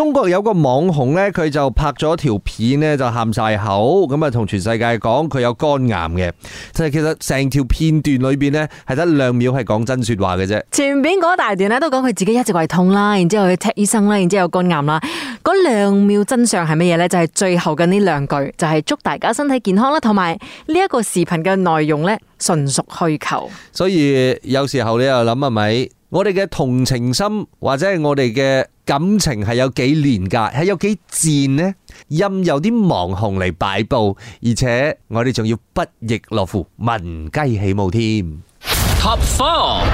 中國有個網紅咧，佢就拍咗條片咧，就喊晒口咁啊，同全世界講佢有肝癌嘅。即係其實成條片段裏邊呢，係得兩秒係講真說話嘅啫。前邊嗰大段咧都講佢自己一直胃痛啦，然之後去 check 醫生啦，然之後有肝癌啦。嗰兩秒真相係乜嘢呢？就係、是、最後嘅呢兩句，就係、是、祝大家身體健康啦，同埋呢一個視頻嘅內容呢，純屬虛構。所以有時候你又諗係咪？是我哋嘅同情心或者係我哋嘅感情係有幾廉價，係有幾賤呢？任由啲網紅嚟擺布，而且我哋仲要不亦樂乎，聞雞起舞添。Top four，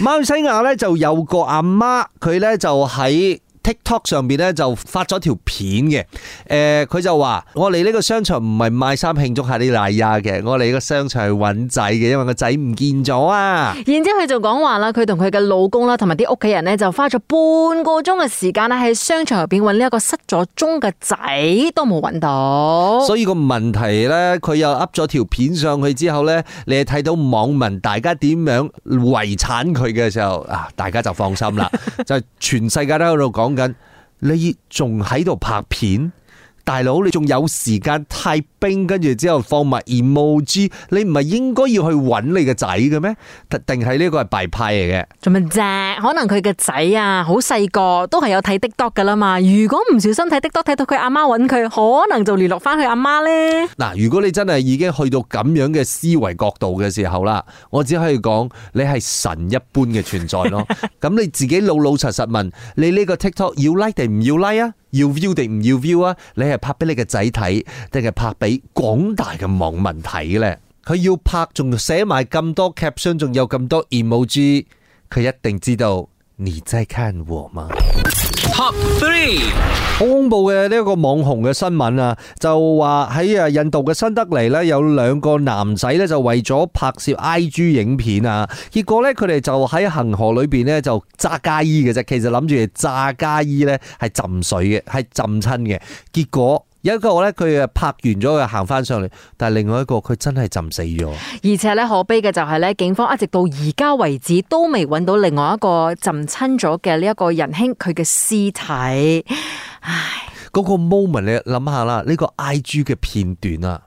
馬來西亞呢就有個阿媽，佢呢就喺。TikTok 上邊咧就發咗條片嘅，誒、呃，佢就話我嚟呢個商場唔係賣衫慶祝下哈利拉雅嘅，我嚟呢個商場係揾仔嘅，因為個仔唔見咗啊。然之後佢就講話啦，佢同佢嘅老公啦，同埋啲屋企人咧就花咗半個鐘嘅時間啦，喺商場入邊揾呢一個失咗蹤嘅仔都冇揾到。所以個問題呢，佢又 up 咗條片上去之後呢，你係睇到網民大家點樣遺產佢嘅時候啊，大家就放心啦，就是、全世界都喺度講。你仲喺度拍片？大佬，你仲有時間太冰，跟住之後放埋 emoji。你唔係應該要去揾你個仔嘅咩？定係呢個係敗派嚟嘅？做乜啫？可能佢個仔啊，好細個，都係有睇 TikTok 噶啦嘛。如果唔小心睇 TikTok 睇到佢阿媽揾佢，可能就聯絡翻佢阿媽呢。嗱，如果你真係已經去到咁樣嘅思維角度嘅時候啦，我只可以講你係神一般嘅存在咯。咁 你自己老老實實問，你呢個 TikTok 要 like 定唔要 like 啊？要 view 定唔要 view 啊？你係拍俾你嘅仔睇，定係拍俾廣大嘅網民睇咧？佢要拍，仲寫埋咁多 caption，仲有咁多 emoji，佢一定知道你在看我嗎？Top three。好恐怖嘅呢一個網紅嘅新聞啊，就話喺誒印度嘅新德里呢，有兩個男仔呢，就為咗拍攝 IG 影片啊，結果呢，佢哋就喺恒河裏邊呢，就詐假意嘅啫，其實諗住詐假意呢，係浸水嘅，係浸親嘅。結果有一個呢，佢誒拍完咗佢行返上嚟，但係另外一個佢真係浸死咗。而且呢，可悲嘅就係、是、呢，警方一直到而家為止都未揾到另外一個浸親咗嘅呢一個仁兄佢嘅屍體。嗰唉個 moment 你諗下啦，呢、這個 I G 嘅片段啊，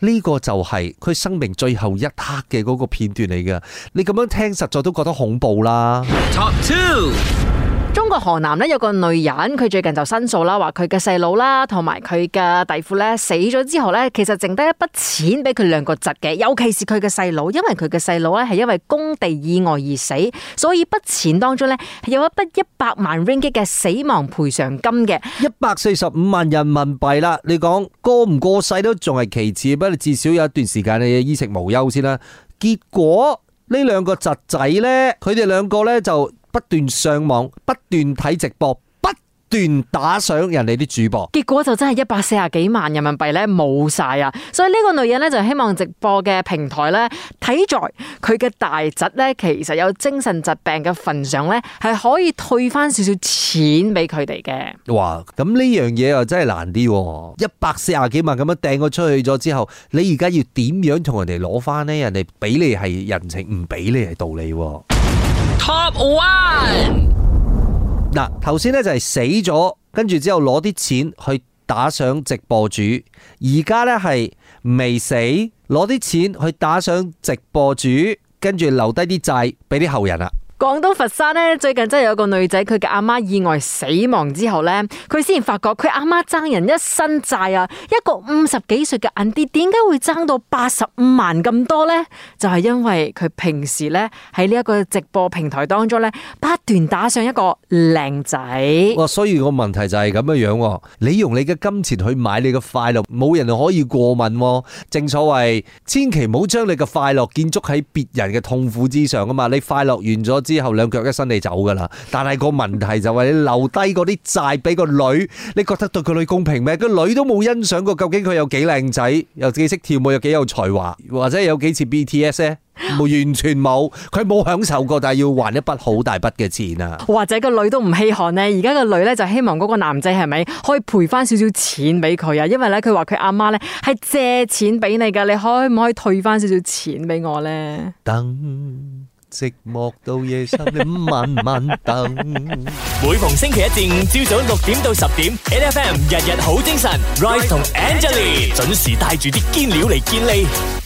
呢、這個就係佢生命最後一刻嘅嗰個片段嚟㗎。你咁樣聽，實在都覺得恐怖啦。Top two 中國河南咧有個女人，佢最近就申訴啦，話佢嘅細佬啦，同埋佢嘅弟婦咧死咗之後咧，其實剩低一筆錢俾佢兩個侄嘅，尤其是佢嘅細佬，因為佢嘅細佬咧係因為工地意外而死，所以筆錢當中咧係有一筆一百萬 ringgit 嘅死亡賠償金嘅，一百四十五萬人民幣啦。你講過唔過世都仲係其次，不過至少有一段時間你衣食無憂先啦。結果呢兩個侄仔咧，佢哋兩個咧就。不斷上網，不斷睇直播，不斷打賞人哋啲主播，結果就真係一百四十幾萬人民幣咧冇晒啊！所以呢個女人咧就希望直播嘅平台咧睇在佢嘅大侄咧其實有精神疾病嘅份上咧係可以退翻少少錢俾佢哋嘅。哇！咁呢樣嘢啊真係難啲，一百四十幾萬咁樣掟咗出去咗之後，你而家要點樣同人哋攞翻呢？人哋俾你係人情，唔俾你係道理啊。Top one 嗱，頭先咧就係死咗，跟住之後攞啲錢去打賞直播主，而家咧係未死，攞啲錢去打賞直播主，跟住留低啲債俾啲後人啦。廣東佛山咧，最近真係有個女仔，佢嘅阿媽意外死亡之後咧，佢先發覺佢阿媽爭人一身債啊！一個五十幾歲嘅 auntie 點解會爭到八十五萬咁多呢？就係、是、因為佢平時咧喺呢一個直播平台當中咧。斷打上一個靚仔，哇！所以個問題就係咁嘅樣，你用你嘅金錢去買你嘅快樂，冇人可以過問。正所謂，千祈唔好將你嘅快樂建築喺別人嘅痛苦之上啊嘛，你快樂完咗之後，兩腳一伸，你走噶啦。但係個問題就係你留低嗰啲債俾個女，你覺得對個女公平咩？個女都冇欣賞過，究竟佢有幾靚仔，又幾識跳舞，又幾有才華，或者有幾似 BTS 咧？冇完全冇，佢冇享受過，但係要還一筆好大筆嘅錢啊！或者個女都唔稀罕呢。而家個女咧就希望嗰個男仔係咪可以賠翻少少錢俾佢啊？因為咧，佢話佢阿媽咧係借錢俾你噶，你可唔可以退翻少少錢俾我咧？等寂寞到夜深，你慢慢等。 每逢星期一至五，朝早六點到十點，NFM 日日好精神 Right 同 Angelie，Right 準時帶住啲堅料嚟見你。